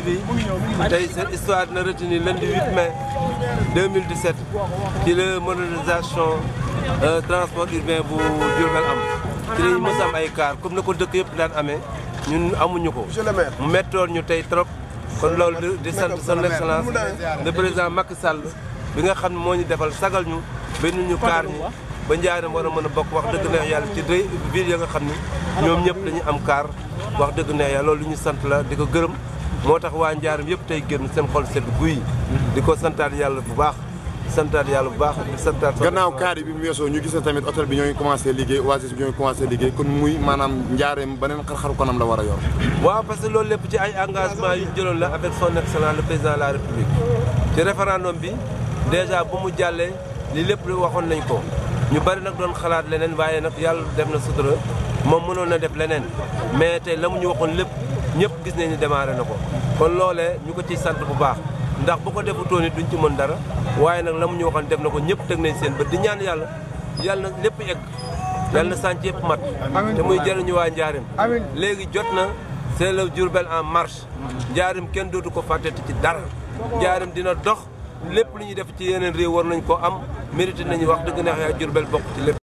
TV tey seen histoire dina retenir lundi 8 mai 2017 ci la modernisation euh, transport urbain bu Diourbel am ci lañu mës am ay car comme na ko dëkk yëpp daan amee ñun amuñu ko mu mettoon ñu tey trop kon loolu di sant son excellence le président Macky Sall bi nga xam ne moo ñu defal sagal ñu nu ñu kaar ñi ba Njaaréem war a mën a bokk wax dëgg neex yàlla ci deux villes nga xam ni ñoom ñëpp dañu am kaar wax dëgg neex yàlla loolu ñu sant la di ko gërëm moo tax waa Njaaréem yëpp tey génn sem xol sedd guy di ko santaat yàlla bu baax santaat yàlla bu baax di santaat gannaaw kaar yi bi mu weesoo ñu gis na tamit hôtel bi ñoo ngi commencé liggéey oasis bi ñoo ngi commencé liggéey kon muy maanaam njaareem beneen xar-xaru kanam la war a yor waaw parce que loolu lépp ci ay engagement yu jëloon la avec son excellence le bi déjà bu mu jàllee li lépp waxoon nañ ko ñu bari nag doon xalaat leneen waaye nag yàlla def na la moom mënoon na def leneen mais tey la mu ñu waxoon lépp ñëpp gis nañu démarré na ko kon loolee ñu ko ciy sant bu baax ndax bu ko defutoon it duñ ci mën dara waaye nag la mu ñu waxoon def na ko ñëpp teg nañ seen bët di ñaan yàlla yàlla na lépp egg yàlla na sànc yëpp mat te muy jëriñu waa njaarim léegi jot na c'est le Diourbel en marche njaarim kenn dootu ko fàtteti ci dara njaarim dina dox lépp lu ñuy def ci yeneen réew war nañ ko am mérité nañu wax dëgg neex yaa Diourbel bokk ci